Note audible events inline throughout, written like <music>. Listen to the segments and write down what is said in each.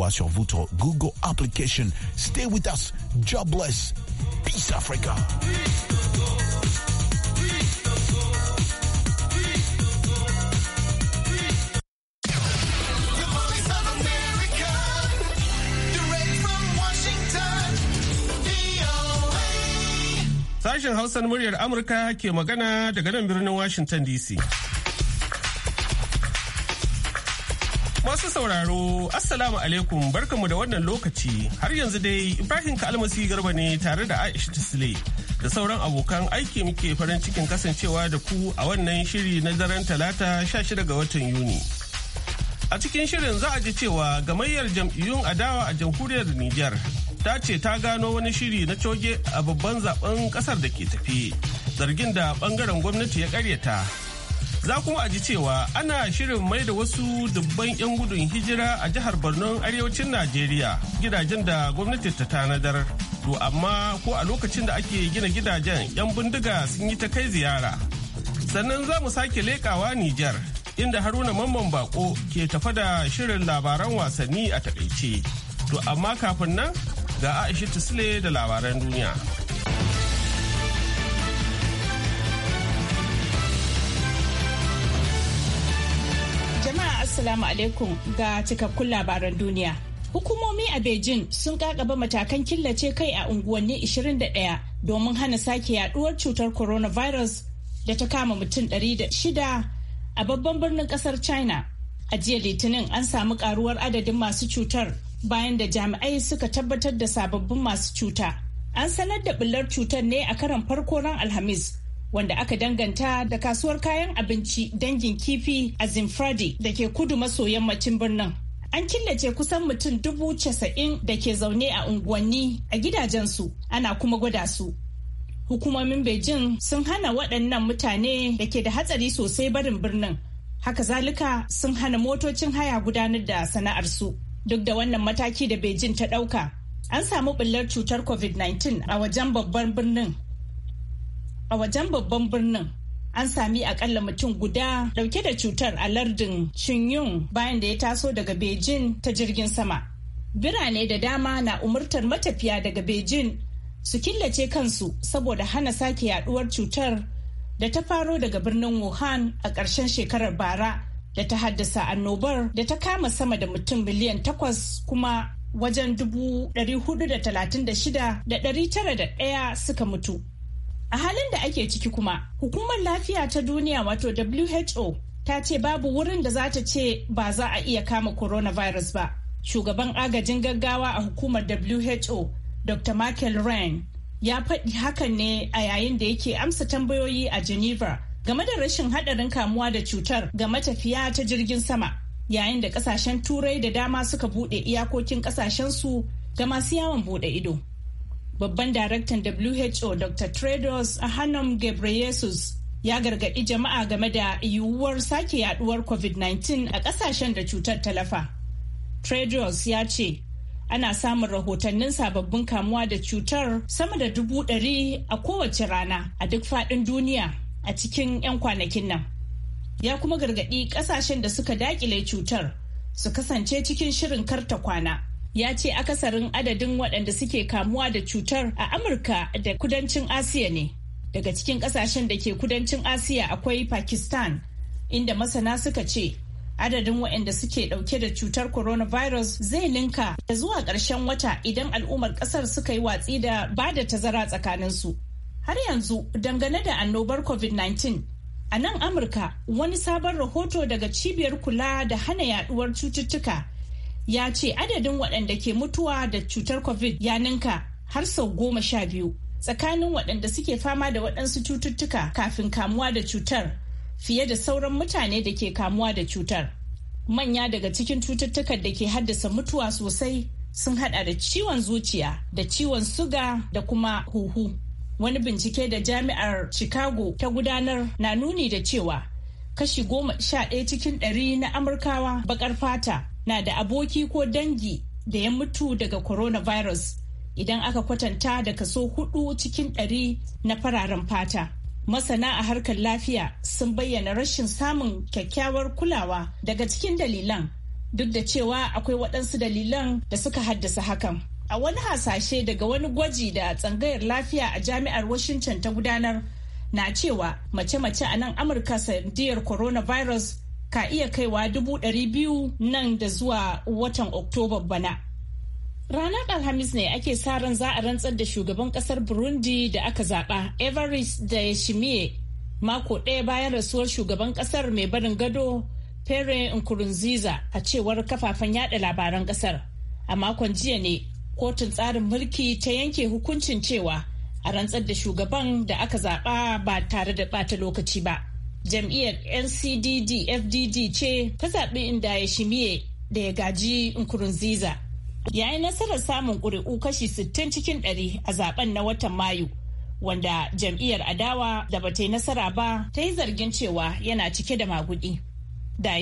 Owa sur votre Google application. Stay with us. Jobless. Peace Africa. Sashen Hausa na muryar Amurka ke magana daga nan birnin Washington DC. Masu sauraro, Assalamu alaikum barkamu da wannan lokaci har yanzu dai Ibrahim Kalmasi Garba ne tare da Aisha Tisle da sauran abokan aiki muke farin cikin kasancewa da ku a wannan shiri na daren talata 16 ga watan Yuni. A cikin shirin za a ji cewa gamayyar jam'iyyun adawa a jamhuriyar Nijar ta ce ta gano wani shiri na coge a babban zaben kasar da ke tafi zargin da bangaren gwamnati ya karyata. Za kuma a ji cewa ana shirin mai da wasu dubban 'yan gudun hijira a jihar Borno arewacin Najeriya gidajen da gwamnati ta tanadar. To amma ko a lokacin da ake gina gidajen 'yan bindiga sun yi ta kai ziyara. Sannan za mu sake leƙawa Nijar inda Haruna Mamman Bako ke tafa da shirin labaran wasanni a takaice. To amma kafin nan ga Aisha sule da labaran duniya. Assalamu alaikum ga cikakkun labaran duniya. Hukumomi a Beijing sun kakaba matakan killace kai a unguwanni 21 domin hana sake yaduwar cutar coronavirus da ta kama mutum 600 a babban birnin kasar China. A jiya Litinin an samu karuwar adadin masu cutar bayan da jami'ai suka tabbatar da sababbin masu cuta. An sanar da bullar cutar ne a karan farko ran Alhamis wanda aka danganta da kasuwar kayan abinci dangin kifi a Zimfradi da ke kudu maso yammacin birnin. An killace kusan mutum dubu casa'in da ke zaune a unguwanni a gidajensu ana kuma gwada su. Hukumomin Beijing sun hana waɗannan mutane da ke da hatsari sosai barin birnin. Haka zalika sun hana motocin haya gudanar da sana'arsu. Duk da wannan mataki da Beijing ta ɗauka, an samu ɓullar cutar COVID-19 a wajen babban birnin a wajen babban birnin an sami akalla mutum guda dauke da cutar a lardin Shinyun bayan da ya taso daga Beijing ta jirgin sama. Birane da dama na umurtar matafiya daga Beijing su killace kansu saboda hana sake yaduwar cutar da ta faro daga birnin Wuhan a ƙarshen shekarar bara da ta haddasa annobar da ta kama sama da mutum miliyan takwas kuma wajen dubu 436,901 suka mutu. A halin da ake ciki kuma, hukumar lafiya ta duniya wato WHO ta ce babu wurin da za ta ce ba za a iya kama coronavirus ba. Shugaban agajin gaggawa a hukumar WHO, Dr. Michael Ryan, ya faɗi hakan ne a yayin da yake amsa tambayoyi a Geneva game da rashin haɗarin kamuwa da cutar ga matafiya ta jirgin sama, yayin da ƙasashen Turai da dama suka buɗe iyakokin su ga masu yawon buɗe ido. babban daraktan who dr tedros adhanom ghebreyesus ya gargaɗi jama'a game da yiwuwar sake yaduwar covid-19 a ƙasashen da cutar talafa tedros ya ce ana samun rahotannin sababbin kamuwa da cutar sama da dubu ɗari a kowace rana a duk faɗin duniya a cikin 'yan kwanakin nan ya kuma gargaɗi ƙasashen da suka daƙile cutar su kasance cikin shirin karta kwana ya ce akasarin adadin waɗanda suke kamuwa da cutar a amurka da kudancin asiya ne daga cikin kasashen da ke kudancin asiya akwai pakistan inda masana suka ce adadin waɗanda suke ɗauke da cutar coronavirus zai ninka da zuwa ƙarshen wata idan al'ummar ƙasar suka yi watsi da ba da tazara su. har yanzu dangane da annobar covid-19 a nan amurka wani sabon rahoto daga cibiyar kula da hana yaduwar cututtuka ya ce adadin waɗanda ke mutuwa da cutar covid ya ninka har sau goma sha biyu tsakanin waɗanda suke fama da waɗansu cututtuka kafin kamuwa da cutar fiye da sauran mutane da ke kamuwa da cutar manya daga cikin cututtukan da ke haddasa mutuwa sosai sun hada da ciwon zuciya da ciwon suga da kuma huhu wani bincike da jami'ar chicago ta gudanar na nuni da cewa kashi goma sha ɗaya cikin ɗari na amurkawa Baƙar fata na da aboki ko dangi da ya mutu daga coronavirus idan aka kwatanta da kaso hudu cikin ɗari na fararen fata masana a harkar lafiya sun bayyana rashin samun kyakkyawar kulawa daga cikin dalilan duk da cewa akwai waɗansu dalilan da suka haddasa hakan a wani hasashe daga wani gwaji da tsangayar lafiya a jami'ar washington ta gudanar na cewa mace-mace a nan amurka sandiyar coronavirus ka iya kaiwa dubu ɗari biyu nan da zuwa watan oktoba bana ranar alhamis ne ake sa ran za a rantsar da shugaban kasar burundi da aka zaɓa everest da yashimiye mako ɗaya bayan rasuwar shugaban kasar mai barin gado pere nkurunziza a cewar kafafen yada labaran kasar a makon jiya ne kotun tsarin mulki ta yanke hukuncin cewa a rantsar da shugaban da aka zaɓa ba tare da bata lokaci ba. Jam'iyyar NCDD FDD ce ta zaɓi inda ya shimiye da ya gaji Nkurunziza. Ya yi nasarar samun ƙuri'u kashi 60 cikin 100 a zaben na watan Mayu. Wanda jam'iyyar adawa da ba ta yi nasara ba ta yi zargin cewa yana cike da maguɗi. Da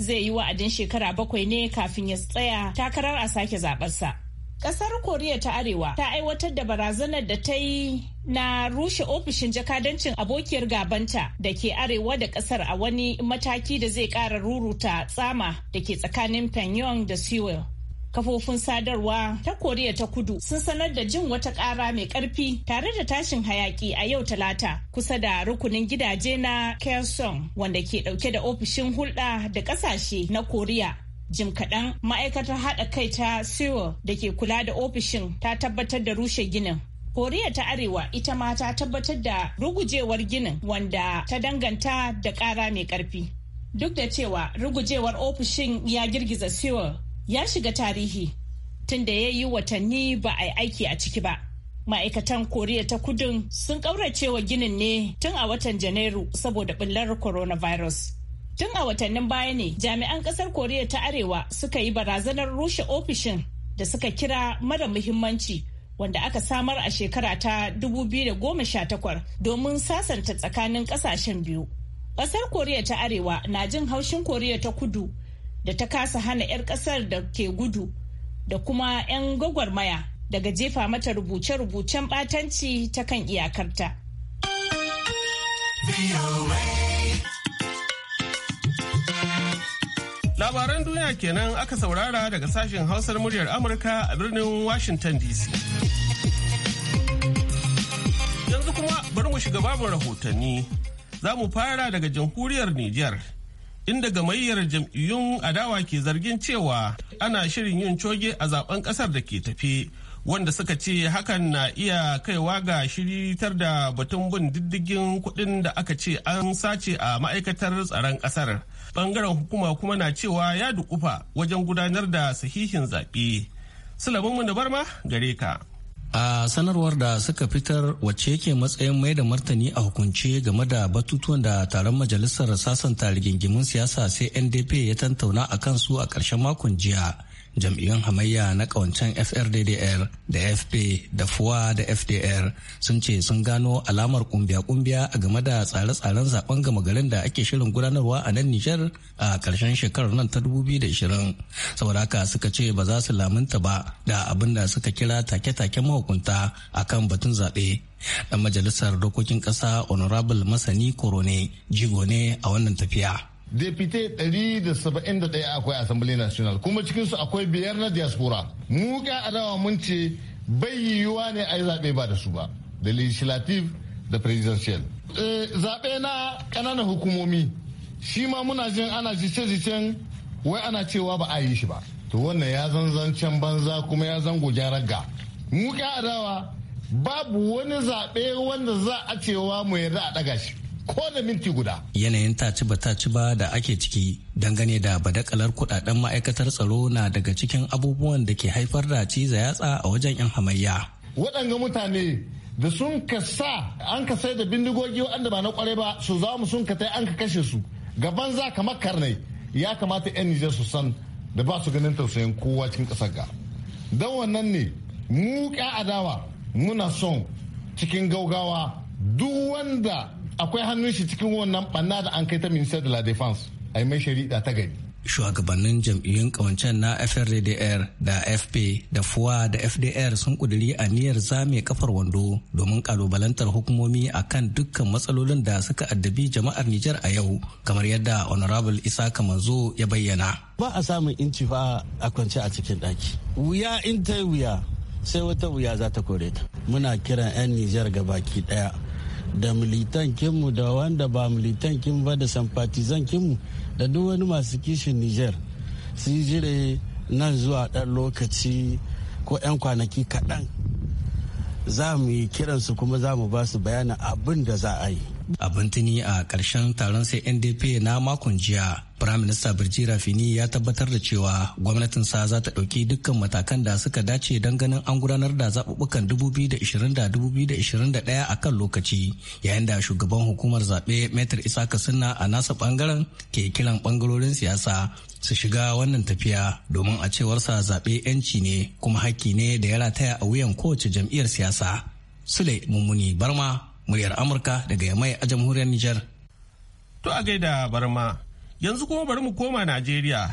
zai yi wa'adin shekara bakwai ne kafin ya tsaya takarar a sake zaɓarsa. Ƙasar Koriya ta Arewa ta aiwatar da barazanar da ta yi na rushe ofishin jakadancin abokiyar gabanta da ke arewa da ƙasar a wani mataki da zai ƙara ruruta tsama da ke tsakanin Pyongyang da Seoul. Kafofin sadarwa ta Koriya ta Kudu sun sanar da jin wata ƙara mai ƙarfi tare da tashin hayaki a yau Talata kusa da rukunin gidaje na Kaesong wanda ke ɗauke da ofishin hulɗa da ƙasashe na Koriya jim kaɗan ma'aikatar haɗa kai ta sewell da ke kula da ofishin ta tabbatar da rushe ginin koriya ta arewa ita ma ta tabbatar da rugujewar ginin wanda ta danganta da ƙara mai ƙarfi duk da cewa rugujewar ofishin ya girgiza sewell ya shiga tarihi tun da ya yi watanni ba a yi aiki a ciki ba ma'aikatan koriya ta kudin sun ƙauracewa ginin ne tun a watan janairu saboda ɓullar coronavirus Tun a watannin baya ne jami'an kasar Koriya ta Arewa suka yi barazanar rushe ofishin da suka kira mara muhimmanci wanda aka samar a shekara ta 2018 domin sasanta tsakanin kasashen biyu. Kasar Koriya ta Arewa na jin haushin Koriya ta Kudu da ta kasa hana 'yar kasar da ke gudu da kuma 'yan gwagwarmaya daga jefa mata rubuce-rubucen ɓatanci ta kan iyakarta. Labaran duniya kenan aka saurara daga sashen Hausar muryar Amurka a birnin Washington DC. Yanzu kuma bari mu shiga babin rahotanni. Za mu fara daga jamhuriyar Nijar, inda gamayyar jam'iyyun adawa ke zargin cewa ana shirin yin coge a zaben kasar da ke tafe. wanda suka ce hakan na iya kaiwa ga shiritar da batun bin diddigin kuɗin da aka ce an sace a ma'aikatar tsaron ƙasar ɓangaren hukuma kuma na cewa ya dukufa wajen gudanar da sahihin zaɓe sulamin mu barma gare ka a sanarwar da suka fitar wacce yake matsayin mai da martani a hukunce game da batutuwan da taron majalisar sasanta rigingimin siyasa sai ndp ya tantauna a kansu a ƙarshen makon jiya jam'iyyun hamayya na kawancen FRDDR da FP da FUA da FDR sun ce sun gano alamar kumbiya-kumbiya a game da tsare-tsaren zaben gama garin da ake shirin gudanarwa a nan Nijar a karshen shekarar nan ta 2020. Saboda haka suka ce ba za su lamunta ba da abin da suka kira take-taken mahukunta a kan batun zaɓe. Dan majalisar dokokin ƙasa Honorable Masani Korone jigo ne a wannan tafiya. depute 171 akwai assembly national kuma cikinsu akwai biyar na diaspora mu ga adawa mun ce bai yiwuwa ne a yi zaɓe ba da su ba da legislative da presidential eh, zaɓe na ƙananan hukumomi shi ma muna jin ana jice-jicen wai ana cewa ba a yi shi ba to wannan ya zan can banza kuma ya zan gyaran ragga. mu ga adawa babu wani zaɓe wanda za a cewa mu yarda a ɗaga shi ko da minti guda. Yanayin ta ci ba ta ba da ake ciki dangane da badakalar kudaden ma'aikatar tsaro na daga cikin abubuwan da ke haifar da ciza yatsa a wajen 'yan hamayya. Waɗanga mutane da sun ka sa an ka sai da bindigogi waɗanda ba na kwarai ba su za mu sun ka an ka kashe su gaban za ka makarnai ya kamata 'yan Nijar su san da ba su ganin tausayin kowa cikin ƙasar ga. Don wannan ne mu adawa muna son cikin gaugawa duk wanda akwai hannun shi cikin wannan banna da an kai ta minister de la defense a mai shari'a ta gari shugabannin jam'iyyun kawancen na FRDDR da FP da FUA da FDR sun kuduri aniyar zame kafar wando domin kalubalantar hukumomi a kan dukkan matsalolin da suka addabi jama'ar Nijar a yau kamar yadda Honorable Isa Kamanzo ya bayyana. Ba a samun inci fa a kwance a cikin ɗaki. Wuya in ta wuya sai wata wuya za ta kore ta. Muna kiran 'yan Nijar ga baki ɗaya da militan kinmu da wanda ba militan kin ba da sympathizan kinmu da duk wani masu kishin niger su jire nan zuwa ɗan lokaci ko 'yan kwanaki kaɗan za mu yi kiransu kuma za mu ba su bayanin abin da za a yi abin tuni a karshen taron sai ndp na makon jiya Firaminista Birji Rafini ya tabbatar da cewa gwamnatinsa za ta ɗauki dukkan matakan da suka dace don ganin an gudanar da zaɓuɓɓukan 2020-2021 a kan lokaci yayin da shugaban hukumar zaɓe Metir Isaka Sunna a nasa ɓangaren ke kiran ɓangarorin siyasa su shiga wannan tafiya domin a cewarsa zaɓe 'yanci ne kuma haƙƙi ne da ya rataya a wuyan kowace jam'iyyar siyasa. Sule Mummuni Barma, muryar Amurka daga Yamai a jamhuriyar Nijar. To a gaida Barma, Yanzu kuma bari mu koma Najeriya,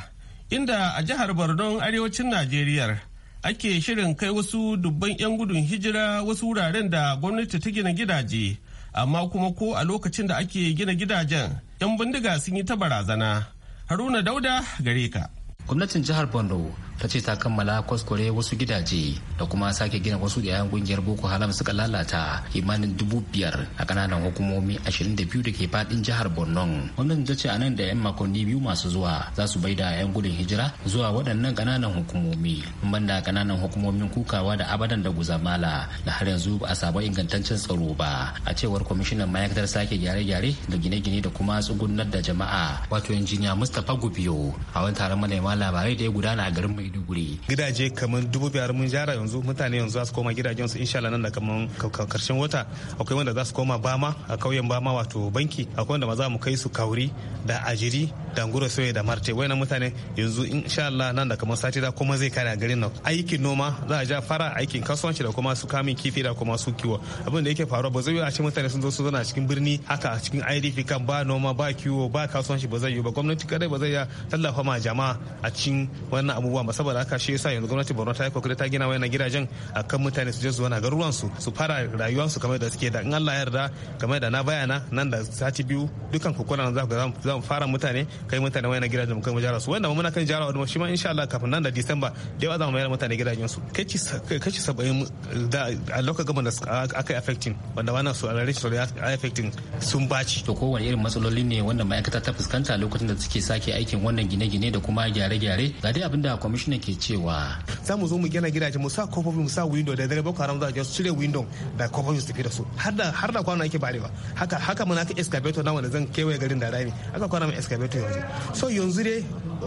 inda a jihar Borno arewacin Najeriya ake shirin kai wasu dubban 'yan gudun hijira wasu wuraren da gwamnati ta gina gidaje, amma kuma ko a lokacin da ake gina gidajen 'yan bindiga sun yi ta barazana. Haruna Dauda gare ka. Gwamnatin jihar Borno ta ce ta kammala kwaskwarai wasu gidaje da kuma sake gina wasu da yayan kungiyar boko haram suka lalata kimanin dubu biyar a kananan hukumomi ashirin da biyu da ke fadin jihar borno wannan ta ce a nan da yan makonni biyu masu zuwa za su bai da yan gudun hijira zuwa waɗannan kananan hukumomi banda kananan hukumomin kukawa da abadan da guzamala da har yanzu ba a sabon ingantaccen tsaro ba a cewar kwamishinan ma'aikatar sake gyare-gyare da gine-gine da kuma tsugunar da jama'a wato injiniya mustapha gubiyo a wani taron manema labarai da ya gudana a garin mai maiduguri gidaje kamar dubu biyar mun jara yanzu mutane yanzu za su koma gidajen su insha Allah nan da kamar karshen wata akwai wanda za su koma bama a kauyen bama wato banki akwai wanda ma za mu kai su kauri da ajiri da ngura soye da marte wayannan mutane yanzu insha Allah nan da kamar sati da kuma zai kare a garin nan aikin noma za a ja fara aikin kasuwanci da kuma su kamin kifi da kuma su kiwo abin da yake faruwa ba zai yi a ce mutane sun zo su zana cikin birni haka a cikin IDP kan ba noma ba kiwo ba kasuwanci ba zai yi ba gwamnati kadai ba zai ya tallafa ma jama'a a cikin wannan abubuwa saboda haka shi yasa yanzu gwamnati Borno ta yi kokari ta gina wayannan gidajen akan mutane su je su zauna garuruwan su su fara rayuwar su kamar da suke da in Allah ya yarda kamar da na bayana nan da sati biyu dukan kokona za ku za mu fara mutane kai mutane wayannan gidajen mu kai mu jara su wanda muna kan jara wadma shi ma insha Allah kafin nan da Disamba da yawa za mu mayar mutane gidajen su kaci kaci 70 da a lokacin gaban da aka affecting wanda wannan su a rashin ya affecting sun baci to kowane irin matsaloli ne wanda ma'aikata ta fuskanta lokacin da suke sake aikin wannan gine-gine da kuma gyare-gyare ga dai abinda kwamishin ne ke cewa za mu zo mu gina gidaje mu sa kofofi mu sa window da dare boko haram za a su cire window da kofofi su tafi da su har da kwana yake barewa haka haka mun haka excavator na wanda zan kewaye garin da rami haka kwana mai excavator yanzu so yanzu dai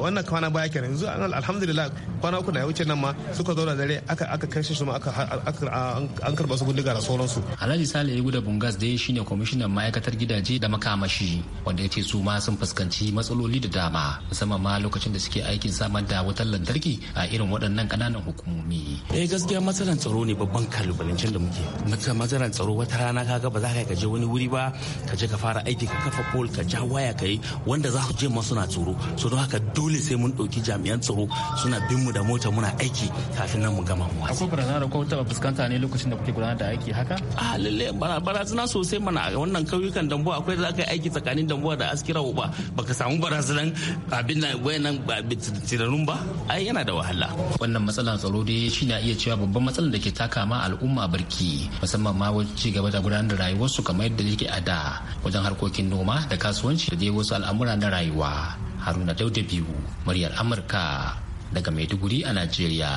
wannan kwana baya kenan yanzu alhamdulillah kwana uku da ya wuce nan ma suka zo da dare aka aka kashe su ma aka an karba su bindiga da sauransu alhaji sale ya guda bungas dai shine kwamishinan ma'aikatar gidaje da makamashi wanda ya ce su ma sun fuskanci matsaloli da dama musamman ma lokacin da suke aikin samar da wutar lantarki mulki a irin waɗannan ƙananan hukumomi. Eh gaskiya matsalar tsaro ne babban kalubalancin da muke. Matsalar tsaro wata rana ga ba za ka je wani wuri ba ka je ka fara aiki ka kafa pole ka ja waya ka yi wanda za su je ma suna tsoro. So don haka dole sai mun ɗauki jami'an tsaro suna bin mu da mota muna aiki kafin nan mu gama mu. Akwai barazana da kuma taɓa fuskanta ne lokacin da kuke gudanar da aiki haka? Ah lalle barazana sosai mana a wannan kauyukan Dambuwa akwai za ka yi aiki tsakanin Dambuwa da Askira ba baka samu barazanan abin nan wayannan tirarun ba. Ai yana da wahala wannan matsalar tsaro dai shi na iya cewa babban matsalar da ke taka ma al'umma barki musamman ma wajen ci gaba da gudanar da rayuwarsu kamar yadda yake a da wajen harkokin noma da kasuwanci da dai wasu al'amura na rayuwa haruna dauda biyu muryar amurka daga maiduguri a najeriya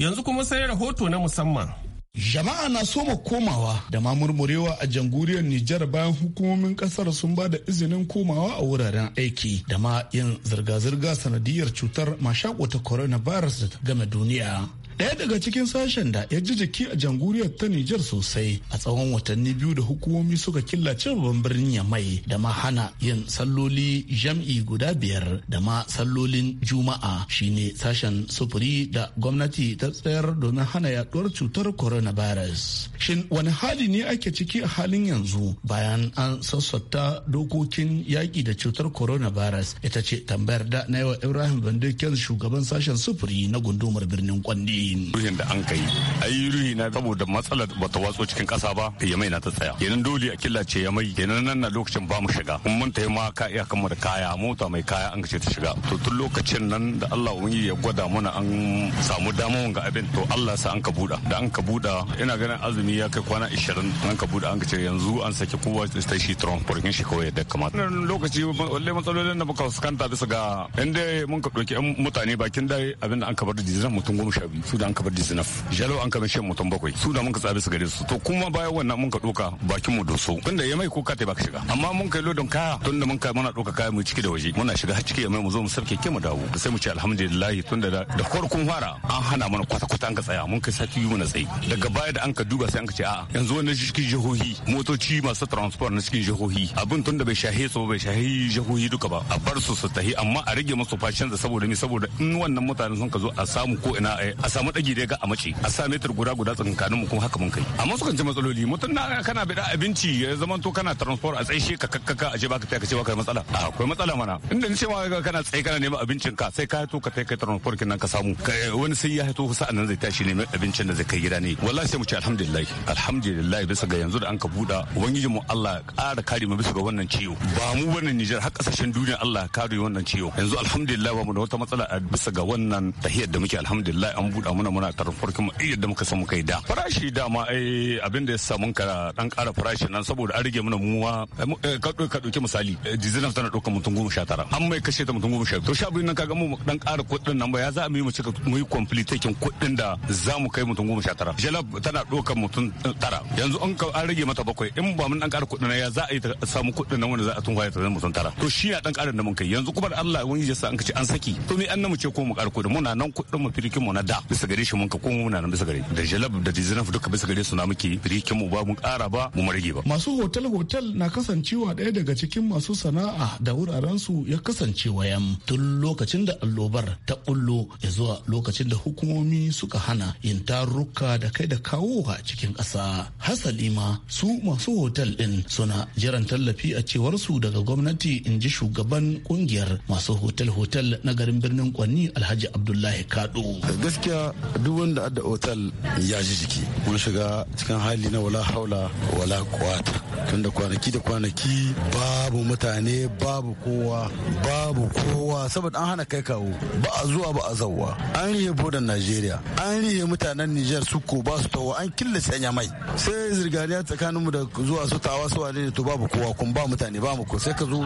yanzu kuma sai rahoto na musamman Jama'a na soma komawa da ma murmurewa a jamhuriyar Nijar bayan hukumomin kasar sun ba da izinin komawa a wuraren aiki da ma yin zirga-zirga sanadiyar cutar mashako ta coronavirus da ta game duniya. Ɗaya daga cikin sashen da ya ji jiki a jamhuriyar ta Nijar sosai a tsawon watanni biyu da hukumomi suka killace babban birnin ya mai da ma hana yin salloli jam'i guda biyar da ma sallolin juma'a shine sashen sufuri da gwamnati ta tsayar domin hana yaduwar cutar coronavirus. Shin wani hali ne ake ciki a halin yanzu bayan an sassauta dokokin yaƙi da cutar coronavirus ita ce tambayar da na yawa Ibrahim bandekin shugaban sashen sufuri na gundumar birnin Kwandi. yi ruhin da an kai ai ruhi na saboda matsalar bata watso cikin kasa ba ya mai na ta tsaya kenan dole a killace ya mai kenan nan na lokacin ba mu shiga mun mun ta ma ka iya kamar kaya mota mai kaya an kace ta shiga to tun lokacin nan da Allah wani ya gwada mana an samu damar ga abin to Allah sa an ka buda da an ka buda ina ganin azumi ya kai kwana 20 an ka buda an kace yanzu an saki kowa ta shi Trump burkin shi kawai da kamata nan lokaci wallahi matsalolin da muka fuskanta bisa ga inda mun ka doki mutane bakin dai abin da an ka bar da mutum goma sha biyu da an kabar disinaf jalo an kama shan mutum bakwai su da mun ka tsabi su gare su to kuma bayan wannan mun ka doka bakin mu doso tunda ya mai ko ka baka shiga amma mun kai lodon kaya tunda mun kai muna doka kaya mu ciki da waje muna shiga har ciki ya mai mu zo mu sarke ke mu dawo sai mu ce alhamdulillah tunda da farkon fara an hana mana kwata kwata an ka tsaya mun kai sati biyu na tsaye daga baya da an ka duba sai an ka ce a'a yanzu wannan cikin jihohi motoci masu transport na cikin jihohi abin tunda bai shahe su bai shahe jihohi duka ba a bar su su tahi amma a rage musu fashin saboda me saboda in wannan mutanen sun ka zo a samu ko ina eh, a samu dagi da ga a mace a sa metar guda guda tsakanin mu kuma haka mun kai amma sukan ci matsaloli mutum na kana bada abinci ya zama to kana transport a tsaishe ka kakkaka a je baka ta kace baka matsala ah, akwai matsala mana inda ni cewa kana tsaye kana neman abincin ka sai ka to ka kai transport kin nan ka samu eh, wani sai ya hito sa'an nan zai tashi neman abincin da zai kai gida ne wallahi sai mu ce alhamdulillah alhamdulillah bisa ga yanzu da an ka buɗa ubangiji mu Allah ƙara kare mu bisa ga wannan ciwo ba mu wannan Nijar har kasashen duniya Allah kare wannan ciwo yanzu alhamdulillah ba mu da wata matsala bisa ga wannan tahiyar da muke alhamdulillah an buɗa faɗa muna muna tarfar kuma yadda muka san muka yi da farashi dama ai abin da ya sa mun ka dan kara farashi nan saboda an rage mana muwa eh, eh, ka ka ɗauki misali eh, dizinaf tana ɗaukar mutum goma sha tara an mai kashe ta mutum goma sha to sha biyu nan kaga mu dan kara kuɗin nan ba ya za mu yi mu cika mu yi complete completakin kuɗin da za mu kai mutum goma sha tara jalab tana ɗaukar mutum tara yanzu an ka an rage mata bakwai in ba mun dan kara kuɗin nan ya za a yi ta samu kuɗin nan wanda za a tunkwaya ta zama mutum tara to shi ya dan kara da mun kai yanzu kuma da Allah wani ya sa an ka ce an saki to me an namu ce ko mu kara kuɗin muna nan kuɗin mu firikin mu na da bisa gare shi mun ka kuma muna nan bisa gare da jalab da dizinaf duka bisa gare su na muke birikin mu ba mun kara ba mu marge ba masu hotel hotel na kasancewa ɗaya daga cikin masu sana'a da wuraren su ya kasance wayan tun lokacin da allobar ta bullo ya zuwa lokacin da hukumomi suka hana yin tarurruka da kai da kawo a cikin ƙasa hasali ma su masu hotel ɗin suna jiran tallafi a cewar su daga gwamnati in ji shugaban kungiyar masu hotel hotel na garin birnin kwanni alhaji abdullahi kado gaskiya duk wanda adda otal ya ji jiki mun shiga cikin hali na wala haula wala kwata tunda kwanaki da kwanaki babu mutane babu kowa babu kowa saboda an hana kai kawo ba a zuwa ba a zauwa an rihe bodan najeriya an rihe mutanen niger su ko ba su tawo an killace sanya mai sai zirganiya tsakanin mu da zuwa su tawa su wane ne to babu kowa kun ba mutane ba mu ko sai ka zo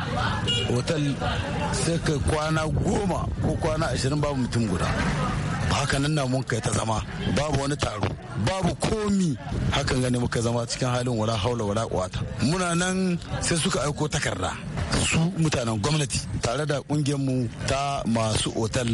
otal sai ka kwana goma ko kwana ashirin babu mutum guda haka nan na mun kai ta zama babu wani taro babu komi hakan gani muka zama cikin halin wala haula wala kuwata muna nan sai suka aiko takarda su mutanen gwamnati tare da mu ta masu otal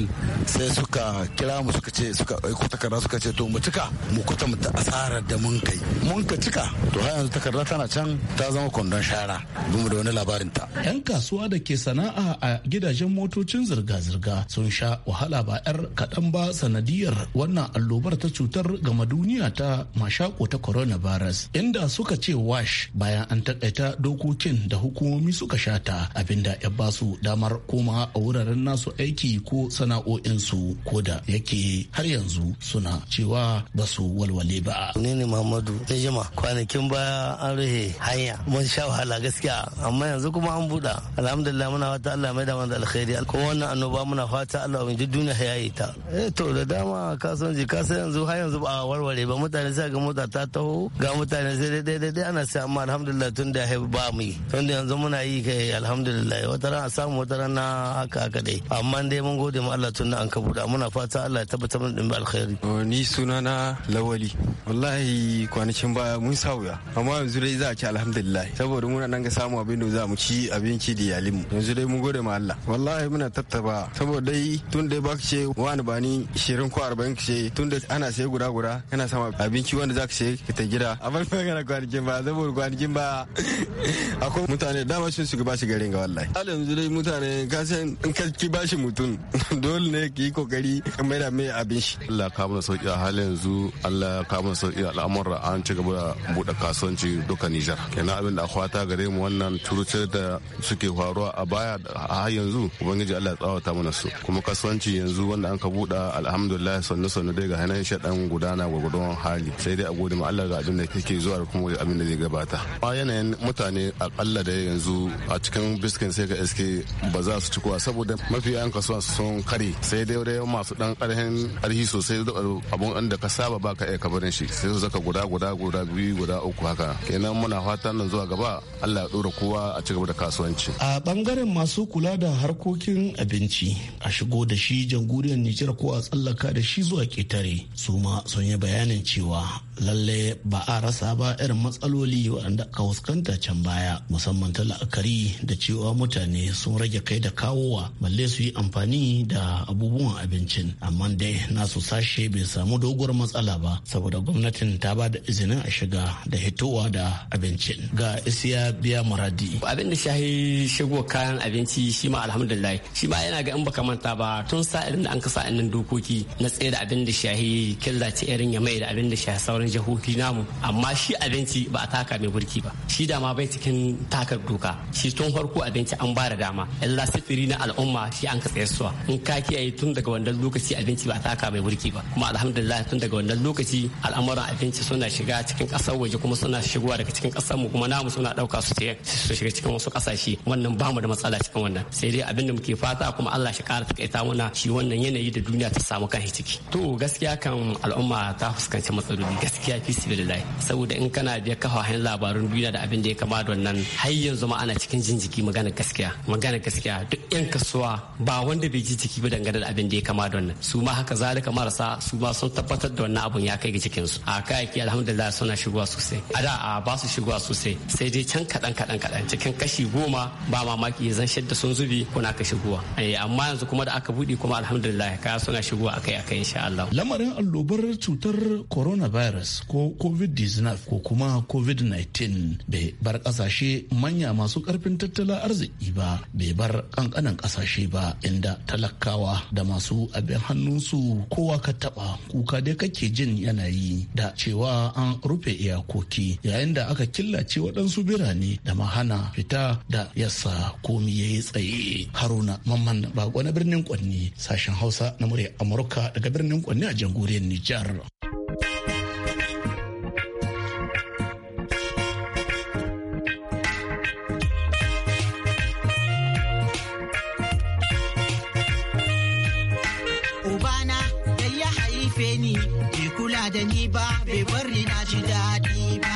sai suka kira mu suka ce suka aiko takarda suka ce to mu cika mu kuta mu ta asarar da mun kai mun ka cika to har yanzu takarda tana can ta zama kwandon shara bamu da wani labarin ta yan kasuwa da ke sana'a a gidajen motocin zirga-zirga sun sha wahala ba 'yar kaɗan ba sanadiyar wannan allobar ta cutar gama duniya ta mashako ta coronavirus inda suka ce wash bayan an takaita dokokin da hukumomi suka shata abinda ya ba su damar koma a wuraren nasu aiki ko sana'o'insu ko da yake har yanzu suna cewa ba su walwale ba. Ni ne Muhammadu ta jima kwanakin baya an rufe hanya mun sha wahala gaskiya amma yanzu kuma an buɗa alhamdulillah muna fata Allah mai da alkhairi ko annoba muna fata Allah ubangiji duniya ya yi ta. Eh to sau da dama kasuwanci kasa yanzu har yanzu ba a warware ba mutane sai ga mota ta taho ga mutane sai dai dai dai ana sai amma alhamdulillah tun da ba mu yi tun da yanzu muna yi kai alhamdulillah wata ran a samu wata ran na haka haka dai amma dai mun gode mu Allah tun da an kabuda muna fata Allah ya tabbatar mun dimbin alkhairi ni suna na lawali wallahi kwanakin baya mun sa wuya amma yanzu dai za a ci alhamdulillah saboda muna nan ga samu abin da za mu ci abinci da iyalin mu yanzu dai mun gode ma Allah wallahi muna tattaba saboda dai tun dai ba ce wani bani ishirin ko arba'in ka sayi tunda ana sai guda guda kana sama abinci wanda za ka sayi ka ta gida a bar magana kwanakin ba zama kwanakin ba <laughs> akwai mutane dama sun shiga bashi garin ga wallahi hal yanzu dai mutane ka san in ka ki bashi mutum <laughs> dole ne ki yi kokari ka mai da mai abin shi Allah ka mana sauki a halin yanzu Allah ka mana sauki a al'amura an ci gaba da buɗe kasuwanci duka Nijar kenan abin da akwata gare mu wannan turuce da suke faruwa a baya a yanzu ubangiji Allah ya tsawata mana su kuma kasuwanci yanzu wanda an ka buɗe alhamdulillah sannu sannu dai ga yanayin shaɗan gudana gudun hali sai dai a gode ma Allah ga abin da yake zuwa da kuma abin da zai gabata a yanayin mutane akalla da yanzu a cikin biskin sai ka iske ba za su ci kowa saboda mafi yan kasuwa sun kare sai dai dai masu dan karhin arhi sosai da abun da ka saba ba ka iya kabarin shi sai su zaka guda guda guda biyu guda uku haka kenan muna fatan nan zuwa gaba Allah ya dora kowa a cigaba da kasuwanci a bangaren masu kula da harkokin abinci a shigo da shi jamhuriyar Nijar ko a mallaka da shi zuwa ƙetare su ma sun yi bayanin cewa lalle ba a rasa ba irin matsaloli waɗanda aka fuskanta can baya musamman ta la'akari da cewa mutane sun rage kai da kawowa balle su yi amfani da abubuwan abincin amma dai nasu sashe bai samu doguwar matsala ba saboda gwamnatin ta ba da izinin a shiga da hitowa da abincin ga isiya biya muradi abin da shahi shigo kayan abinci shi ma alhamdulillah shi ma yana ga in baka manta ba tun sa'ilin da an kasa nan dokoki na tsaye da abin da shahi killace irin ya mai da abin da shahi sauran jihohi namu amma shi abinci ba a taka mai burki ba shi dama bai cikin takar doka shi tun farko abinci an ba da dama illa sifiri na al'umma shi an katsaye suwa in ka kiyaye tun daga wannan lokaci abinci ba a taka mai burki ba kuma alhamdulillah tun daga wannan lokaci al'amuran abinci suna shiga cikin kasar waje kuma suna shigowa daga cikin kasar mu kuma namu suna dauka su su shiga cikin wasu kasashe wannan ba mu da matsala cikin wannan sai dai abin da muke fata kuma Allah shi kara takaita mana shi wannan yanayi da duniya ta samu kan ciki to gaskiya kan al'umma ta fuskanci matsaloli gaskiya gaskiya fi sibilai saboda in kana biya hanyar labarun duniya da abin da ya kama da wannan har yanzu ma ana cikin jin jiki magana gaskiya magana gaskiya duk yan kasuwa ba wanda bai ji jiki ba dangane da abin da ya kama da wannan su ma haka zalika marasa su ma sun tabbatar da wannan abun ya kai ga cikin su a kayayyaki alhamdulillah suna shigowa sosai a da a ba su shigowa sosai sai dai can kaɗan kadan kadan cikin kashi goma ba mamaki ya zan shadda sun zubi kuna ka shigowa eh, amma yanzu kuma da aka buɗe kuma alhamdulillah kaya suna shigowa akai akai insha Allah lamarin allobar cutar coronavirus virus ko covid-19 ko kuma covid-19 bai bar kasashe manya masu karfin tattalin arziki ba bai bar kankanan kasashe ba inda talakawa da masu abin hannunsu kowa ka taba kuka dai kake jin yanayi da cewa an rufe iyakoki yayin da aka killace waɗansu birane da mahana fita da yasa komi ya yi tsaye haruna mamman bako na birnin kwanni sashen hausa na murya amurka daga birnin kwanni a jamhuriyar nijar bai kula da ni ba bai bar ni na ji daɗi ba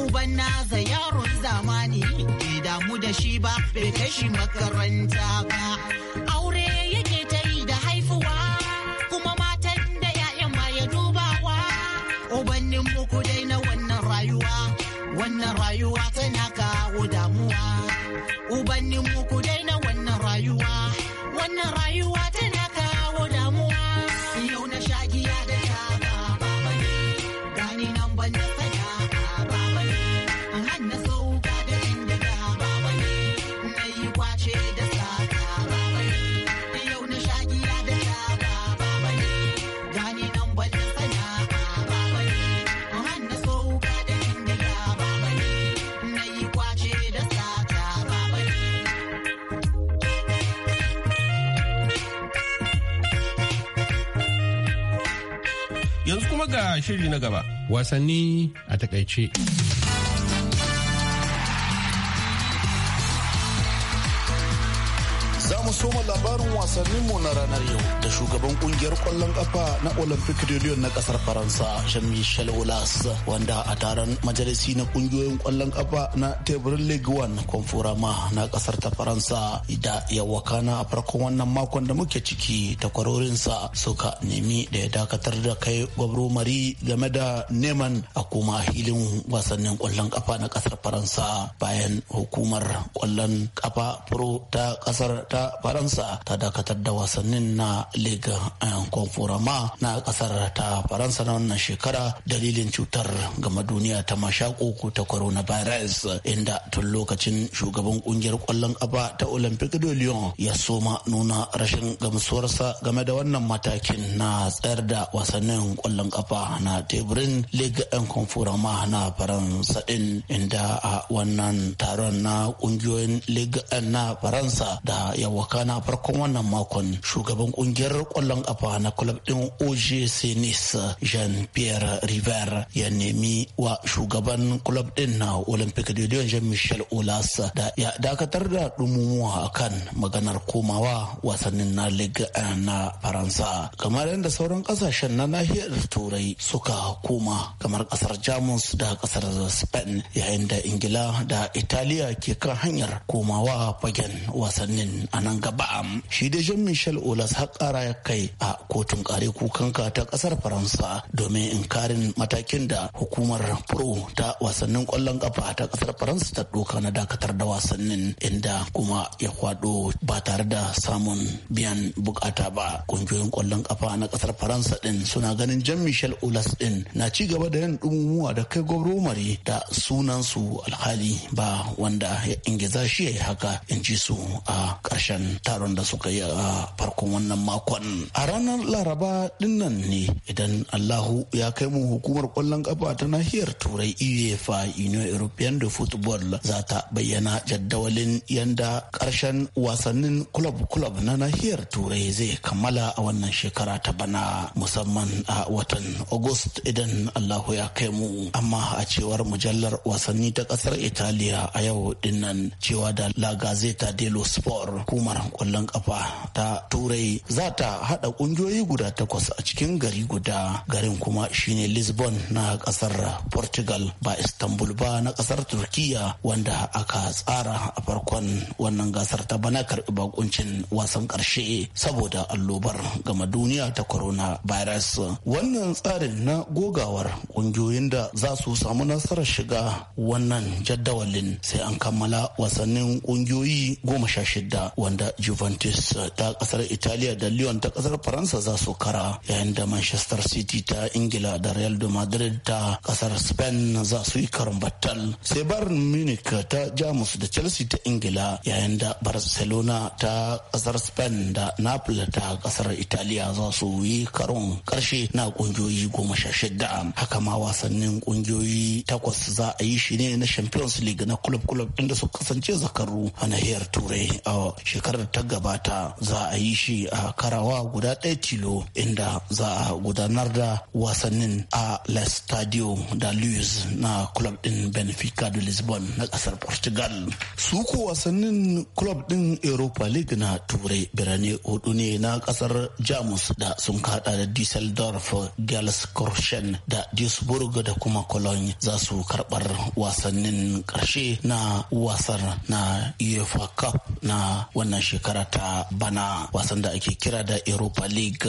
uban naza yaron zamani bai damu da shi ba bai kai shi makaranta ba aure yake ta yi da haifuwa kuma matan da ya'yan ma ya dubawa ubannin muku dai na wannan rayuwa wannan rayuwa tana kawo damuwa ubannin muku dai na wannan rayuwa wannan rayuwa tana Yanzu kuma ga shiri na gaba. Wasanni a takaice. mu soma labarin mu na ranar yau da shugaban kungiyar kwallon kafa na Olympic de Lyon na kasar Faransa Jean-Michel Olas wanda a taron majalisi na kungiyoyin kwallon kafa na teburin league 1 Conforama na kasar ta Faransa da ya wakana a farkon wannan makon da muke ciki takwarorinsa suka nemi da ya dakatar da kai gwabro mari game da neman a kuma hilin wasannin kwallon kafa na kasar Faransa bayan hukumar kwallon kafa pro ta kasar ta faransa ta dakatar da wasannin na liga konforama eh, na kasar ta faransa na wannan shekara dalilin cutar gama duniya ta mashaku ko ta coronavirus inda tun lokacin shugaban kungiyar kwallon ƙafa ta olympic de lyon ya soma nuna rashin gamsuwarsa game da wannan matakin na tsayar da wasannin kwallon ƙafa na teburin liga yan eh, konforama na faransa din inda a wannan taron na kungiyoyin liga eh, na faransa da yawa na farkon wannan makon shugaban kungiyar kwallon kafa na club din OGC Nice Jean Pierre River ya nemi wa shugaban club din na Olympic de Lyon Jean-Michel Aulas da ya dakatar da dumumuwa akan maganar komawa wasannin na Ligue 1 na Faransa kamar yadda sauran kasashen na nahiyar Turai suka koma kamar kasar Jamus da kasar Spain yayin da Ingila da Italiya ke kan hanyar komawa fagen wasannin anan. gaba shi dai jean michel olas har kara ya kai a kotun kare kukanka ta kasar faransa domin inkarin matakin da hukumar pro ta wasannin kwallon kafa ta kasar faransa ta doka na dakatar da wasannin inda kuma ya kwado ba tare da samun biyan bukata ba kungiyoyin kwallon kafa na kasar faransa din suna ganin jean michel olas din na ci gaba da yin dumuwa da kai gwamnati da sunansu alhali ba wanda ya ingiza shi ya yi haka in ji su a ƙarshen taron da suka yi a farkon wannan makon a ranar laraba dinnan ne idan allahu ya kai mu hukumar kwallon kafa ta nahiyar turai uefa union european de football za ta bayyana jadawalin yanda karshen wasannin club-club na nahiyar turai zai kammala a wannan shekara ta bana musamman a watan august idan allahu ya kai mu amma a cewar mujallar wasanni ta kasar italiya a yau dinnan cewa da la gazzetta dello sport hukumar kwallon kafa ta turai za ta hada kungiyoyi guda takwas a cikin gari guda garin kuma shine lisbon na kasar portugal ba istanbul ba na kasar turkiya wanda aka tsara a farkon wannan gasar ta bana karbi bakuncin wasan karshe saboda allobar gama duniya ta corona virus wannan tsarin na gogawar kungiyoyin da za su samu nasarar shiga wannan jadawalin sai an kammala wasannin kungiyoyi goma sha shida wanda Juventus ta kasar Italiya da Lyon ta kasar Faransa za su kara yayin da Manchester City ta Ingila da Real Madrid ta kasar Spain za su yi karin battal. Sai Bayern Munich ta Jamus da Chelsea ta Ingila yayin da Barcelona ta kasar Spain da Napoli ta kasar Italiya za su yi karon karshe na kungiyoyi goma sha shida. Haka ma wasannin kungiyoyi takwas za a yi shi ne na Champions League na club club inda su kasance zakaru a nahiyar Turai a shekarar shekarar ta gabata za a yi shi a karawa guda ɗaya tilo inda za a gudanar da wasannin a la stadio da luis na club din benfica de lisbon na ƙasar portugal Suku wasannin club din europa league na turai birane hudu ne na ƙasar jamus da sun kada da düsseldorf gelsenkirchen da duisburg da kuma cologne za su karbar wasannin ƙarshe na wasar na uefa cup na wannan wannan shekara ta bana wasan da ake kira da Europa League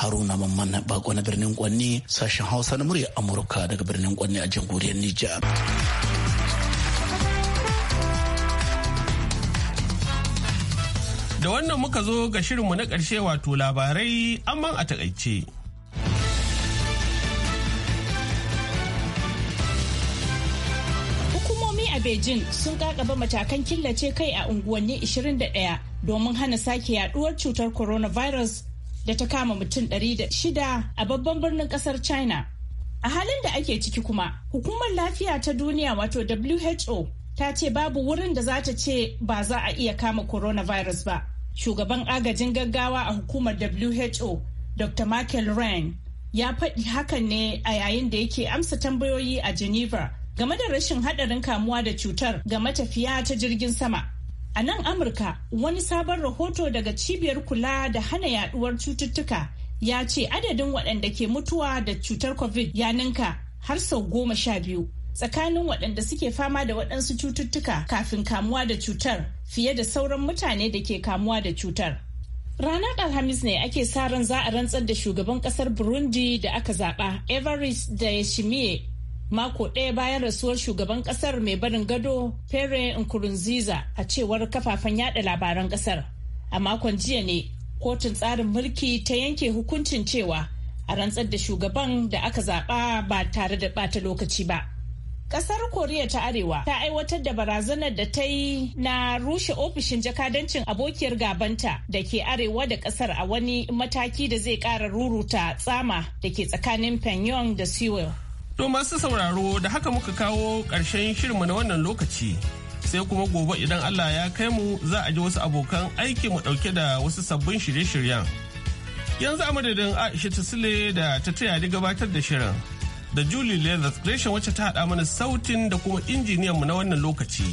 Haruna Mamman Bako na birnin Kwanni sashen Hausa na murya Amurka daga birnin Kwanni a jamhuriyar Niger. Da wannan muka zo ga shirinmu na ƙarshe wato labarai amman a takaice. a Beijing sun kakaba matakan killace kai a unguwanni 21 domin hana sake yaduwar cutar coronavirus da ta kama mutum 600 a babban birnin kasar China. A halin da ake ciki kuma, hukumar lafiya ta duniya wato WHO ta ce babu wurin da za ta ce ba za a iya kama coronavirus ba. Shugaban agajin gaggawa a hukumar WHO, Dr. Michael Ryan, ya faɗi hakan ne a yayin da yake amsa tambayoyi a Geneva. game da rashin hadarin kamuwa da cutar ga matafiya ta jirgin sama. A nan Amurka wani sabon rahoto daga cibiyar kula da hana yaduwar cututtuka ya ce adadin waɗanda ke mutuwa da cutar COVID ya ninka har sau goma sha biyu tsakanin waɗanda suke fama da waɗansu cututtuka kafin kamuwa da cutar fiye da sauran mutane da ke kamuwa da cutar. Ranar Alhamis ne ake sa ran za a rantsar da shugaban kasar Burundi da aka zaba Evariste Ndayishimiye mako ɗaya bayan rasuwar shugaban ƙasar mai barin gado pere Nkurunziza a cewar kafafen yada labaran ƙasar. A makon jiya ne kotun tsarin mulki ta yanke hukuncin cewa a rantsar da shugaban da aka zaɓa ba tare da ɓata lokaci ba. ƙasar Koriya ta Arewa ta aiwatar da barazanar da ta yi na rushe ofishin jakadancin abokiyar gabanta da ke arewa da ƙasar a wani mataki da zai ƙara ruruta tsama da ke tsakanin Pyongyang da Seoul. To masu sauraro da haka muka kawo ƙarshen shirinmu na wannan lokaci. Sai kuma gobe idan Allah ya kai mu za a ji wasu abokan aiki mu ɗauke da wasu sabbin shirye-shiryen. Yanzu a madadin Aisha Sule da ta taya ni gabatar da shirin. Da Julie Leathers Gresham wacce ta haɗa mana sautin da kuma injiniyanmu na wannan lokaci.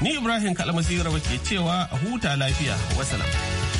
Ni Ibrahim Kalmasi Raba ke cewa a huta lafiya. Wasalam.